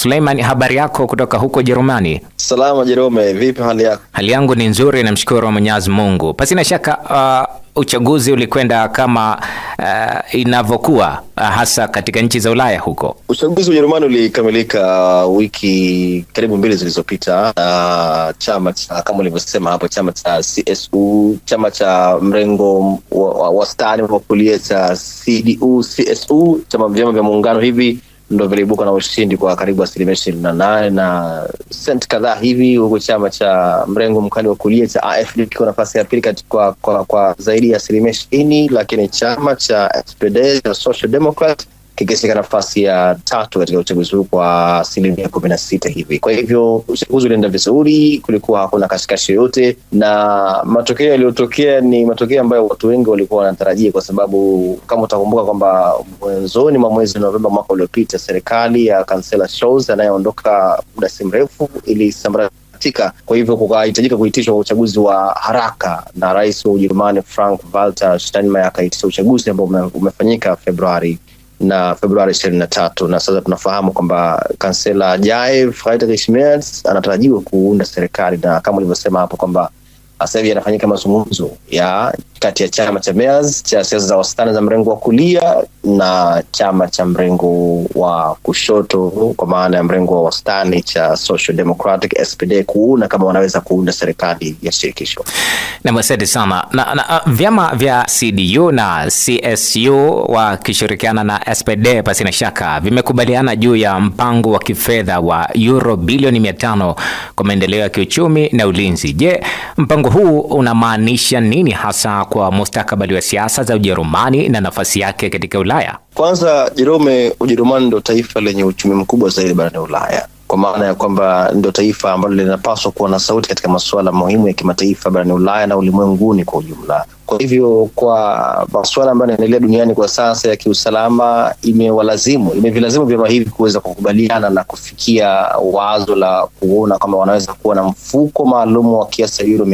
Suleiman, habari yako kutoka huko Jerumani? Salama Jerome, vipi hali yako? Hali yangu ni nzuri, namshukuru Mwenyezi Mungu. na shaka uh, uchaguzi ulikwenda kama uh, inavyokuwa uh, hasa katika nchi za Ulaya huko. Uchaguzi wa Ujerumani ulikamilika uh, wiki karibu mbili zilizopita na uh, chama cha kama ulivyosema hapo, chama cha CSU, chama cha mrengo wastani wa, wa, wa kulia cha CDU CSU, chama vyama vya muungano hivi ndo viliibuka na ushindi kwa karibu asilimia ishirini na nane na sent kadhaa hivi, huku chama cha mrengo mkali wa kulia cha AFD kikiwa nafasi ya pili kwa, kwa, kwa zaidi ya asilimia ishirini, lakini chama cha SPD cha Social Democrat kikishika nafasi ya tatu katika uchaguzi huu kwa asilimia kumi na sita hivi. Kwa hivyo uchaguzi ulienda vizuri, kulikuwa hakuna kashikashi yoyote, na matokeo yaliyotokea ni matokeo ambayo watu wengi walikuwa wanatarajia, kwa sababu kama utakumbuka kwamba mwanzoni mwa mwezi Novemba mwaka uliopita serikali ya kansela Scholz anayeondoka muda si mrefu ilisambara kwa hivyo kukahitajika kuitishwa kwa uchaguzi wa haraka, na rais wa Ujerumani Frank Walter Steinmeier akaitisha uchaguzi ambao umefanyika Februari na Februari ishirini na tatu. Na sasa tunafahamu kwamba kansela ajaye Friedrich Merz anatarajiwa kuunda serikali, na kama ulivyosema hapo kwamba sasa hivi yanafanyika mazungumzo ya kati ya chama cha mayors cha siasa za wastani za mrengo wa kulia na chama cha mrengo wa kushoto kwa maana ya mrengo wa wastani cha Social Democratic SPD kuuna kama wanaweza kuunda serikali ya shirikisho. Nam, asante sana na, na, uh, vyama vya CDU na CSU wakishirikiana na SPD pasi na shaka vimekubaliana juu ya mpango wa kifedha wa euro bilioni mia kwa maendeleo ya kiuchumi na ulinzi. Je, mpango huu unamaanisha nini hasa kwa mustakabali wa siasa za Ujerumani na nafasi yake katika Ulaya? Kwanza Jerome, Ujerumani ndo taifa lenye uchumi mkubwa zaidi barani Ulaya kwa maana ya kwamba ndio taifa ambalo linapaswa kuwa na sauti katika masuala muhimu ya kimataifa barani Ulaya na ulimwenguni kwa ujumla. Kwa hivyo kwa masuala ambayo yanaendelea duniani kwa sasa ya kiusalama, imewalazimu imevilazimu vyama hivi kuweza kukubaliana na kufikia wazo la kuona kama wanaweza kuwa na mfuko maalum wa kiasi cha euro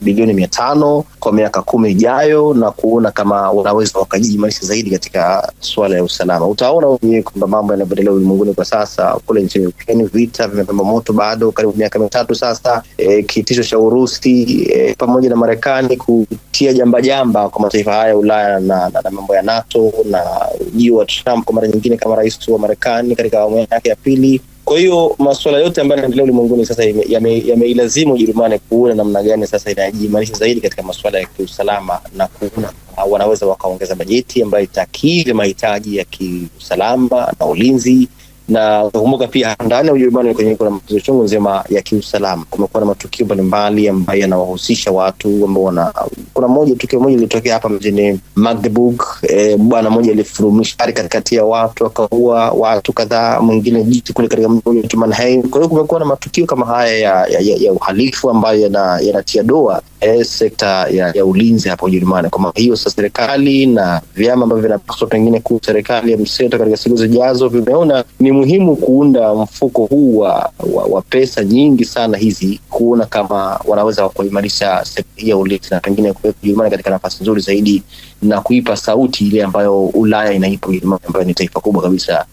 bilioni mia tano kwa miaka kumi ijayo, na kuona kama wanaweza wakajiimarisha zaidi katika suala ya usalama. Utaona kwamba mambo yanavyoendelea ulimwenguni kwa sasa, kule nchini Ukraine vita vimepamba moto bado karibu miaka mitatu sasa. E, kitisho cha Urusi e, pamoja na Marekani kutia jamba jamba kwa mataifa haya Ulaya na, na, na mambo ya NATO na ujio wa Trump kwa mara nyingine kama rais wa Marekani katika awamu yake ya pili. Kwa hiyo masuala yote ambayo yanaendelea ulimwenguni sasa yameilazimu yame Ujerumani kuona namna gani sasa inajiimarisha zaidi katika masuala ya kiusalama na kuona uh, wanaweza wakaongeza bajeti ambayo itakidhi mahitaji ya kiusalama na ulinzi na kumbuka pia ndani ya Ujerumani kwenye kuna matatizo chungu nzima ya kiusalama. Kumekuwa na matukio mbalimbali ambayo yanawahusisha watu ambao wana, kuna moja tukio moja lilitokea hapa mjini Magdeburg. E, bwana mmoja alifurumisha ari katikati ya watu akaua watu kadhaa, mwingine jiti kule katika mji wa Mannheim. Kwa hiyo kumekuwa na matukio kama haya ya, ya, ya, ya uhalifu ambayo yanatia ya doa e, sekta ya, ya ulinzi hapa Ujerumani. Kwa maana hiyo sasa serikali na vyama ambavyo vinapaswa pengine kuu serikali ya mseto katika siku zijazo vimeona ni muhimu kuunda mfuko huu wa, wa, wa pesa nyingi sana hizi, kuona kama wanaweza kuimarisha sekta hii ya ulinzi na pengine kuweka Ujerumani katika nafasi nzuri zaidi na kuipa sauti ile ambayo Ulaya inaipa Ujerumani ambayo ni taifa kubwa kabisa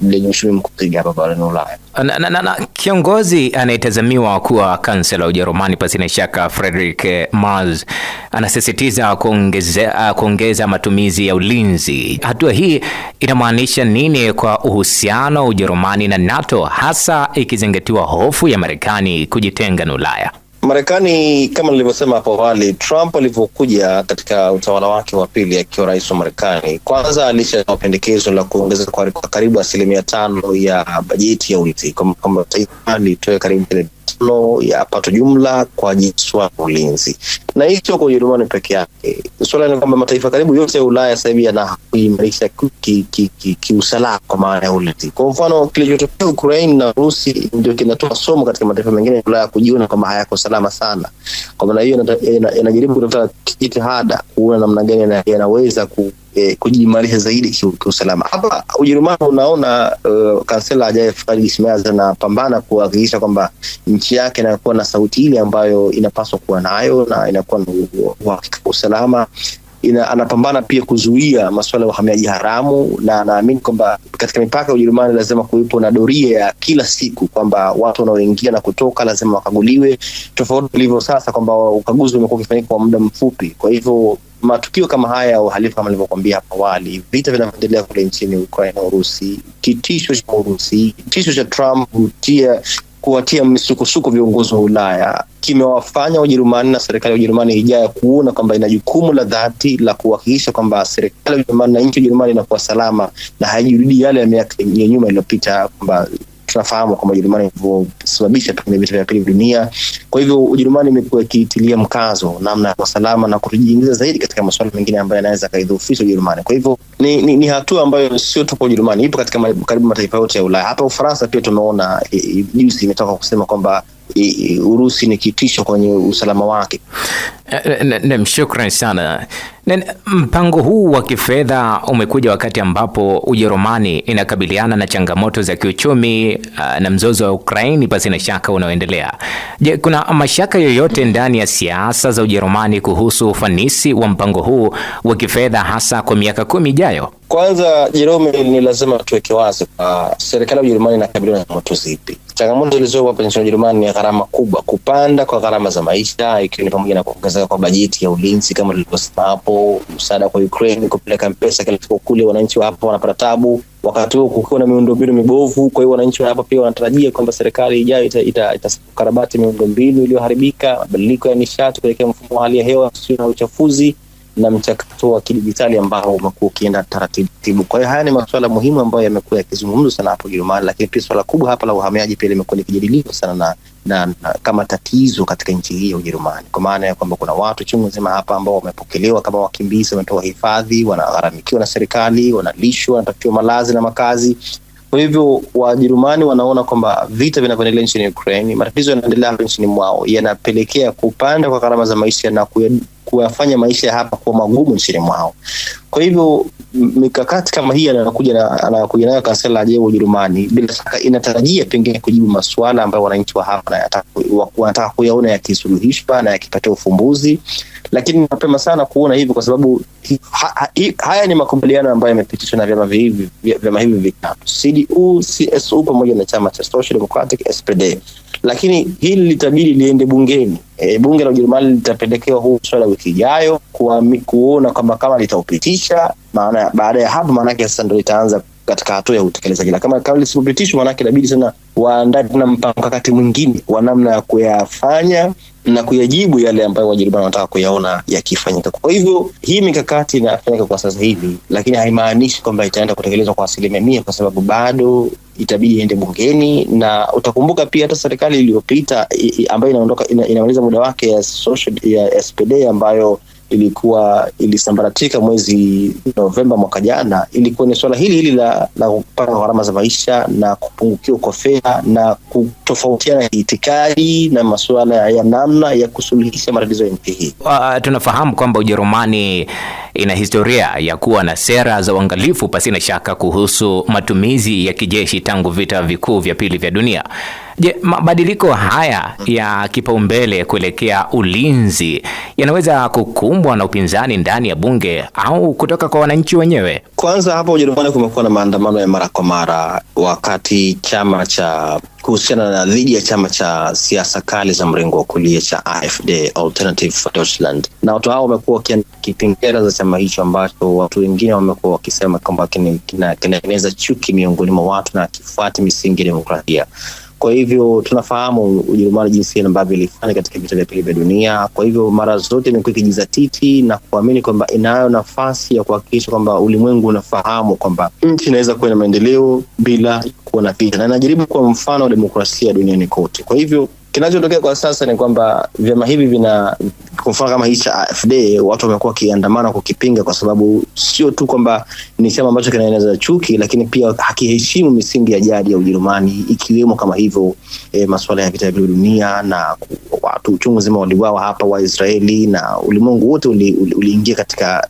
lenye uchumi mkupiga hapa barani Ulaya. Na, na, na, kiongozi anayetazamiwa kuwa kansela wa Ujerumani pasina shaka Friedrich Merz anasisitiza kuongeza, kuongeza matumizi ya ulinzi. Hatua hii inamaanisha nini kwa uhusiano wa Ujerumani na NATO hasa ikizingatiwa hofu ya Marekani kujitenga na Ulaya? Marekani kama nilivyosema hapo awali, Trump alivyokuja katika utawala wake wa pili akiwa rais wa Marekani, kwanza alishawa pendekezo la kuongeza kwa karibu asilimia tano ya bajeti ya ulinzi, kwamba taifa litoe karibu tano ya pato jumla kwa jiswa ulinzi, na hii sio kwa Ujerumani peke yake. Swala ni kwamba mataifa karibu yote ya Ulaya sasa hivi kuimarisha kiusalama kwa maana ya ulinzi. Kwa mfano, kilichotokea Ukraine na Urusi ndio kinatoa somo katika mataifa mengine ya Ulaya kujiona kwamba hayako salama sana. Kwa maana hiyo, yanajaribu kutafuta jitihada kuona namna gani yanaweza ku eh, kujimarisha zaidi kiusalama. Hapa Ujerumani unaona uh, kansela ajaye Friedrich Merz anapambana kuhakikisha kwamba nchi yake inakuwa na sauti ile ambayo inapaswa kuwa nayo na inakuwa na uhakika wa usalama ina, anapambana pia kuzuia masuala ya uhamiaji haramu, na anaamini kwamba katika mipaka ya Ujerumani lazima kuwepo na doria ya kila siku kwamba watu wanaoingia na kutoka lazima wakaguliwe, tofauti ilivyo sasa kwamba ukaguzi umekuwa ukifanyika kwa muda mfupi. Kwa hivyo matukio kama haya ya uhalifu kama nilivyokuambia hapo awali, vita vinavyoendelea kule nchini na Urusi, kitisho cha Urusi, kitisho cha Trump kutia kuwatia misukosuko viongozi wa Ulaya kimewafanya Ujerumani na serikali ya Ujerumani ijayo kuona kwamba ina jukumu la dhati la kuhakikisha kwamba serikali ya Ujerumani na nchi ya Ujerumani inakuwa salama na haijirudi yale ya miaka ya nyuma iliyopita, kwamba tunafahamu kwamba Ujerumani ilivyosababisha pengine vita vya pili dunia. Kwa hivyo Ujerumani imekuwa ikitilia mkazo namna ya usalama na kujiingiza zaidi katika masuala mengine ambayo yanaweza akaidhoofisha Ujerumani. Kwa hivyo ni, ni, ni hatua ambayo sio tu kwa Ujerumani, ipo katika karibu mataifa yote ya Ulaya. Hapa Ufaransa pia tumeona e, e, juzi imetoka kusema kwamba e, Urusi ni kitisho kwenye usalama wake. Eh, Shukran sana. Mpango huu wa kifedha umekuja wakati ambapo Ujerumani inakabiliana na changamoto za kiuchumi eh, na mzozo wa Ukraini pasi na shaka unaoendelea. Je, kuna mashaka yoyote ndani ya siasa za Ujerumani kuhusu ufanisi wa mpango huu wa kifedha hasa kwa miaka kumi ijayo? Kwanza Jerome, ni lazima tuweke wazi kwa serikali ya Ujerumani inakabiliwa na changamoto zipi. Changamoto zilizopo hapa nchini Ujerumani ni gharama kubwa, kupanda kwa gharama za maisha, ikiwa ni pamoja na kuongezeka kwa bajeti ya ulinzi kama tulivyosema hapo, msaada kwa Ukraine, kupeleka mpesa kila siku kule, wananchi wa hapa wanapata tabu, wakati huo kukiwa na miundombinu mibovu. Kwa hiyo wananchi wa hapa pia wanatarajia kwamba serikali ijayo ita, ita, ita ita karabati miundombinu iliyoharibika, mabadiliko ya nishati kuelekea mfumo wa hali ya hewa usio na uchafuzi na mchakato wa kidijitali ambao umekuwa ukienda taratibu. Kwa hiyo haya ni masuala muhimu ambayo yamekuwa yakizungumzwa sana hapo Ujerumani, lakini pia suala kubwa hapa la uhamiaji pia limekuwa likijadiliwa sana na, na, na kama tatizo katika nchi hii ya Ujerumani, kwa maana ya kwamba kuna watu chungu nzima hapa ambao wamepokelewa kama wakimbizi, wametoa hifadhi, wanagharamikiwa na serikali, wanalishwa, wanatafutiwa malazi na makazi. Kwa hivyo Wajerumani wanaona kwamba vita vinavyoendelea nchini Ukraine, matatizo yanaendelea nchini mwao yanapelekea kupanda kwa gharama za maisha na kuyafanya maisha ya hapa kuwa magumu nchini mwao. Kwa hivyo mikakati kama hii anayokuja anayokuja nayo kansela ajee wa Ujerumani bila shaka inatarajia pengine kujibu masuala ambayo wananchi wa hapa wanataka kuyaona yakisuluhishwa na yakipatia ufumbuzi, lakini mapema sana kuona hivi kwa sababu ha, ha, haya ni makubaliano ambayo yamepitishwa na vyama hivi vyama hivi vitatu CDU, CSU pamoja na chama cha Social Democratic SPD lakini hili litabidi liende bungeni. E, bunge la Ujerumani litapendekewa huu swala wiki ijayo kuona kwamba kama litaupitisha, maana baada ya hapo maanake sasa ndo litaanza katika hatua ya utekelezaji, na kama kama lisipopitishwa, maanake inabidi sana waandae mpango mkakati mwingine wa namna ya kuyafanya na kuyajibu yale ambayo Wajerumani wanataka kuyaona yakifanyika. Kwa hivyo hii mikakati inafanyika kwa sasa hivi, lakini haimaanishi kwamba itaenda kutekelezwa kwa asilimia mia, kwa sababu bado itabidi iende bungeni, na utakumbuka pia hata serikali iliyopita ambayo inaondoka ina, inamaliza muda wake ya, social, ya SPD ambayo ilikuwa ilisambaratika mwezi Novemba mwaka jana, ilikuwa ni swala hili hili la, la kupanga gharama za maisha na kupungukiwa kwa fedha na kutofautiana itikadi na masuala ya namna ya kusuluhisha matatizo ya nchi hii. Uh, tunafahamu kwamba Ujerumani ina historia ya kuwa na sera za uangalifu pasina shaka kuhusu matumizi ya kijeshi tangu vita vikuu vya pili vya dunia. Je, mabadiliko haya ya kipaumbele kuelekea ulinzi yanaweza kukumbwa na upinzani ndani ya bunge au kutoka kwa wananchi wenyewe? Kwanza hapa Ujerumani kumekuwa na maandamano ya mara kwa mara wakati chama cha kuhusiana na dhidi ya chama cha siasa kali za mrengo wa kulia cha AfD, Alternative for Deutschland, na watu hao wamekuwa kipingera za chama hicho ambacho watu wengine wamekuwa wakisema kwamba kinaeneza chuki miongoni mwa watu na akifuati misingi ya demokrasia. Kwa hivyo tunafahamu Ujerumani jinsi ambavyo ilifanya katika vita vya pili vya dunia. Kwa hivyo mara zote imekuwa ikijizatiti na kuamini kwamba inayo nafasi ya kuhakikisha kwamba ulimwengu unafahamu kwamba nchi inaweza kuwa na maendeleo bila kuwa na vita, na inajaribu kuwa mfano wa demokrasia duniani kote. Kwa hivyo Kinachotokea kwa sasa ni kwamba vyama hivi vina, kwa mfano kama hii cha AFD, watu wamekuwa wakiandamana kukipinga, kwa sababu sio tu kwamba ni chama ambacho kinaeneza chuki, lakini pia hakiheshimu misingi ya jadi ya Ujerumani, ikiwemo kama hivyo e, masuala ya vita vya dunia na watu uchungu zima waliwawa hapa Waisraeli na ulimwengu wote uliingia uli, uli katika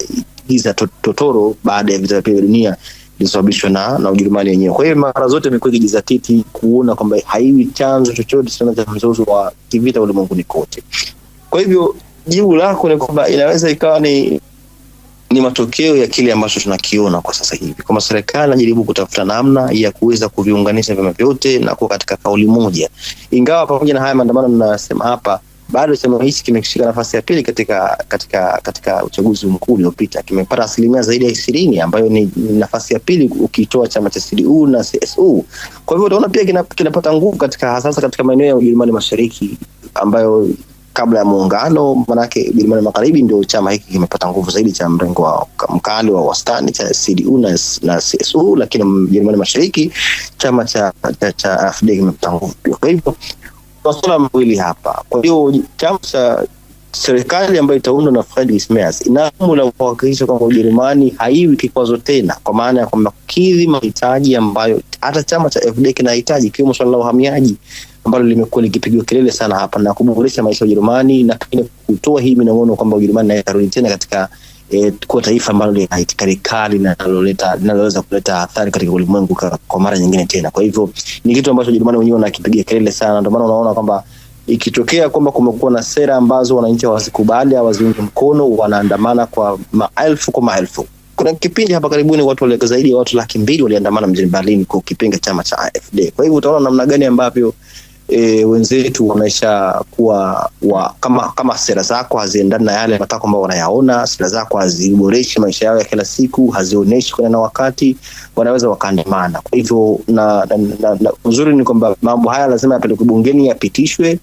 giza totoro baada ya vita vya dunia ilisababishwa na, na Ujerumani yenyewe. Kwa hiyo mara zote imekuwa ikijizatiti kuona kwamba haiwi chanzo chochote sana cha mzozo wa kivita ulimwenguni kote. Kwa hivyo jibu lako ni kwamba inaweza ikawa ni ni matokeo ya kile ambacho tunakiona kwa sasa hivi, kwamba serikali inajaribu kutafuta namna ya kuweza kuviunganisha vyama vyote na kuwa katika kauli moja, ingawa pamoja na haya maandamano ninayosema hapa bado chama hichi kimeshika nafasi ya pili katika katika katika uchaguzi mkuu uliopita, kimepata asilimia zaidi ya ishirini ambayo ni nafasi ya pili ukitoa chama cha CDU na CSU. Kwa hivyo utaona pia kina, kinapata nguvu katika hasa katika maeneo ya Ujerumani Mashariki ambayo kabla ya muungano, manake Ujerumani Magharibi ndio chama hiki kimepata nguvu zaidi cha mrengo wa mkali wa wastani cha CDU na, na CSU, lakini Ujerumani Mashariki chama cha, cha, cha AfD kimepata nguvu pia. Kwa hivyo masuala mawili hapa. Kwa hiyo chama cha serikali ambayo itaundwa na Friedrich Merz ina jukumu la kuhakikisha kwamba Ujerumani haiwi kikwazo tena, kwa maana ya kwamba kukidhi mahitaji ambayo hata chama cha FDP kinahitaji, ikiwemo swala la uhamiaji ambalo limekuwa likipigwa kelele sana hapa na kuboresha maisha ya Ujerumani na pengine kutoa hii minong'ono kwamba Ujerumani inaweza kurudi tena katika e, kuwa taifa ambalo lina itikadi kali linaloleta linaloweza kuleta athari katika ulimwengu kwa kwa mara nyingine tena. Kwa hivyo ni kitu ambacho Wajerumani wenyewe wanakipigia kelele sana, ndio maana unaona kwamba ikitokea kwamba kumekuwa na sera ambazo wananchi hawazikubali, hawaziungi mkono, wanaandamana kwa maelfu kwa maelfu. Kuna kipindi hapa karibuni watu wale zaidi ya watu laki mbili waliandamana mjini Berlin kukipinga chama cha AfD. Kwa hivyo utaona namna gani ambavyo e, wenzetu kuwa wa, kama kama sera zako haziendani na yale matako ambayo wanayaona, sera zako haziboreshi maisha yao ya kila siku, hazionyeshi kwenda na wakati, wanaweza wakaandamana. Kwa hivyo na, na, na, na uzuri ni kwamba mambo haya lazima yapelekwe bungeni, yapitishwe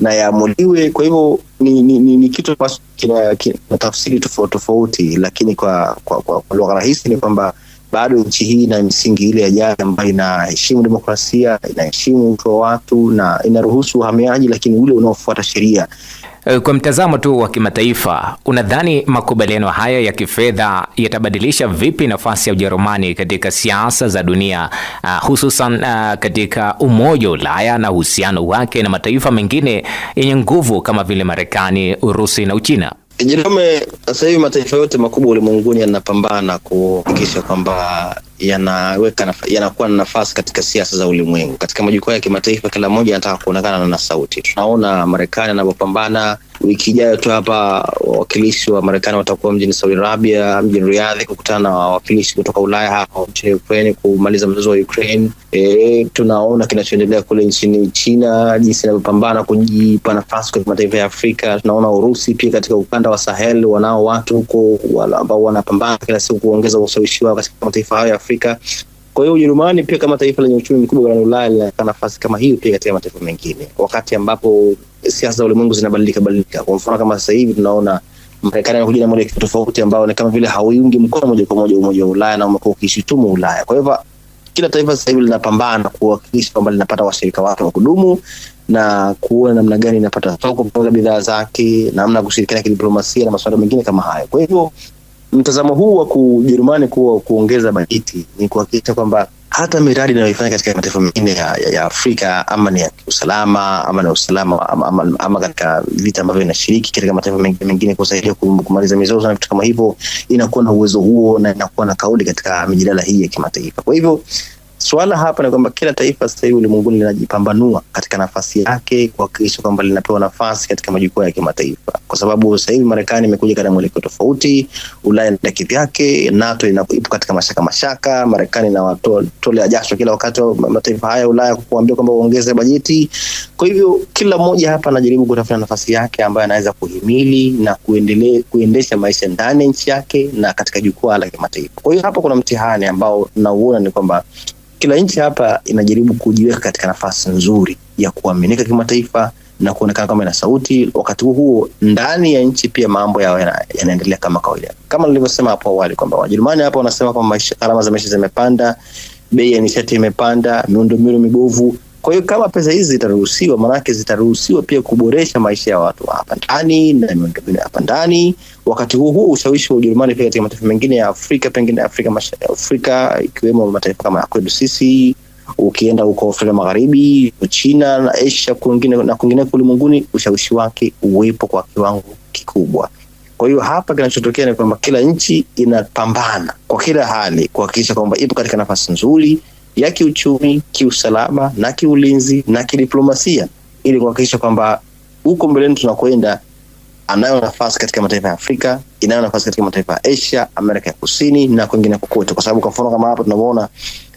na yaamuliwe. Kwa hivyo ni, ni, ni, ni kitu ambacho kina, kina tafsiri tofauti tofauti, lakini kwa, kwa, kwa, kwa lugha rahisi ni kwamba bado nchi hii ina misingi ile ya jadi ambayo inaheshimu demokrasia, inaheshimu utu wa watu na inaruhusu uhamiaji, lakini ule unaofuata sheria. Eh, kwa mtazamo tu wa kimataifa, unadhani makubaliano haya ya kifedha yatabadilisha vipi nafasi ya Ujerumani katika siasa za dunia, uh, hususan uh, katika Umoja wa Ulaya na uhusiano wake na mataifa mengine yenye nguvu kama vile Marekani, Urusi na Uchina? Jerome, sasa hivi mataifa yote makubwa ulimwenguni yanapambana kuhakikisha kwamba yanaweka yanakuwa na nafasi katika siasa za ulimwengu. Katika majukwaa ya kimataifa, kila mmoja anataka kuonekana na sauti. Tunaona Marekani anavyopambana. Wiki ijayo tu hapa wawakilishi wa Marekani watakuwa mjini Saudi Arabia, mjini Riadhi, kukutana na wawakilishi kutoka Ulaya hapa nchini Ukraine kumaliza mzozo wa Ukraine. E, tunaona kinachoendelea kule nchini China, jinsi inavyopambana kujipa nafasi kwenye mataifa ya Afrika. Tunaona Urusi pia katika ukanda wa Sahel wanao watu huko ambao wanapambana kila siku kuongeza ushawishi wao katika mataifa hayo ya Afrika. Afrika. Kwa hiyo Ujerumani pia kama taifa lenye uchumi mkubwa barani Ulaya linakaa nafasi kama hiyo pia katika mataifa mengine, wakati ambapo siasa za ulimwengu zinabadilika badilika. Kwa mfano kama sasa hivi tunaona Marekani anakuja na moja tofauti ambao ni kama vile hauiungi mkono moja kwa moja umoja wa Ulaya na umekuwa ukishutumu Ulaya. Kwa hivyo kila taifa sasa hivi linapambana kuhakikisha kwamba linapata washirika wake wa kudumu na kuona namna gani inapata soko kupanga bidhaa zake, namna kushirikiana kidiplomasia na masuala mengine kama hayo. Kwa hivyo mtazamo huu wa kujerumani kuwa kuongeza bajeti ni kuhakikisha kwamba hata miradi inayoifanya katika mataifa mengine ya, ya, ya Afrika ama ni ya kiusalama ama na usalama ama, ama, ama katika vita ambavyo inashiriki katika mataifa mengine mengine kusaidia kumaliza mizozo na vitu kama hivyo, inakuwa na uwezo huo na inakuwa na kauli katika mijadala hii ya kimataifa. Kwa hivyo Swala hapa ni kwamba kila taifa sasa hivi ulimwenguni linajipambanua katika nafasi yake kuhakikisha kwamba linapewa nafasi katika majukwaa ya kimataifa, kwa sababu sasa hivi Marekani imekuja katika mwelekeo tofauti, Ulaya na kivyake, NATO ipo katika mashaka mashaka, Marekani inawatolea jasho kila wakati wa mataifa haya Ulaya kuambia kwamba uongeze bajeti. Kwa hivyo kila mmoja hapa anajaribu kutafuta nafasi yake ambayo anaweza kuhimili na kuendele, kuendesha maisha ndani ya nchi yake na katika jukwaa la kimataifa. Kwa hiyo hapa kuna mtihani ambao nauona ni kwamba kila nchi hapa inajaribu kujiweka katika nafasi nzuri ya kuaminika kimataifa na kuonekana kama ina sauti. Wakati huo huo, ndani ya nchi pia mambo yao yanaendelea kama kawaida, kama nilivyosema hapo awali kwamba Wajerumani hapa wanasema kwamba gharama za maisha zimepanda, bei ya nishati imepanda, miundombinu mibovu kwa hiyo kama pesa hizi zitaruhusiwa, maanake zitaruhusiwa pia kuboresha maisha ya watu hapa ndani na miundombinu hapa ndani. Wakati huu huu ushawishi wa Ujerumani pia katika mataifa mengine ya Afrika, pengine Afrika Mashariki, Afrika ikiwemo mataifa kama ya kwetu sisi, ukienda huko Afrika Magharibi, China na Asia kwingine na kwingineko ulimwenguni, ushawishi wake uwepo kwa kiwango kikubwa. Kwa hiyo hapa kinachotokea ni kwamba kila nchi inapambana kwa kila hali kuhakikisha kwamba ipo katika nafasi nzuri ya kiuchumi, kiusalama na kiulinzi na kidiplomasia, ili kuhakikisha kwamba huko mbeleni tunakwenda anayo nafasi katika mataifa ya Afrika, inayo nafasi katika mataifa ya Asia, Amerika ya Kusini na kwingine kokote, kwa sababu kwa mfano kama hapa tunavyoona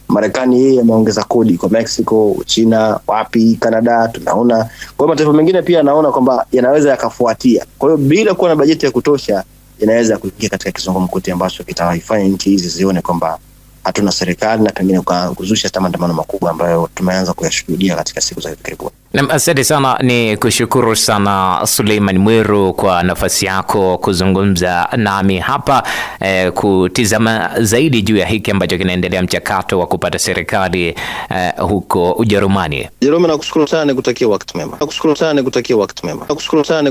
Marekani yeye ameongeza kodi kwa Mexico, China, wapi, Canada tunaona. Kwa hiyo mataifa mengine pia anaona kwamba yanaweza yakafuatia. Kwa hiyo bila kuwa na bajeti ya kutosha, inaweza kuingia katika kizungumkuti ambacho kitawaifanya nchi hizi zione kwamba hatuna serikali na pengine kuzusha hata maandamano makubwa ambayo tumeanza kuyashuhudia katika siku za hivi karibuni. Naam, asante sana, ni kushukuru sana Suleiman mweru kwa nafasi yako kuzungumza nami hapa eh, kutizama zaidi juu ya hiki ambacho kinaendelea mchakato wa kupata serikali eh, huko Ujerumani. Jerome, nakushukuru sana, nikutakia wakati mema. Nakushukuru sana, nikutakia wakati mema. Nakushukuru sana.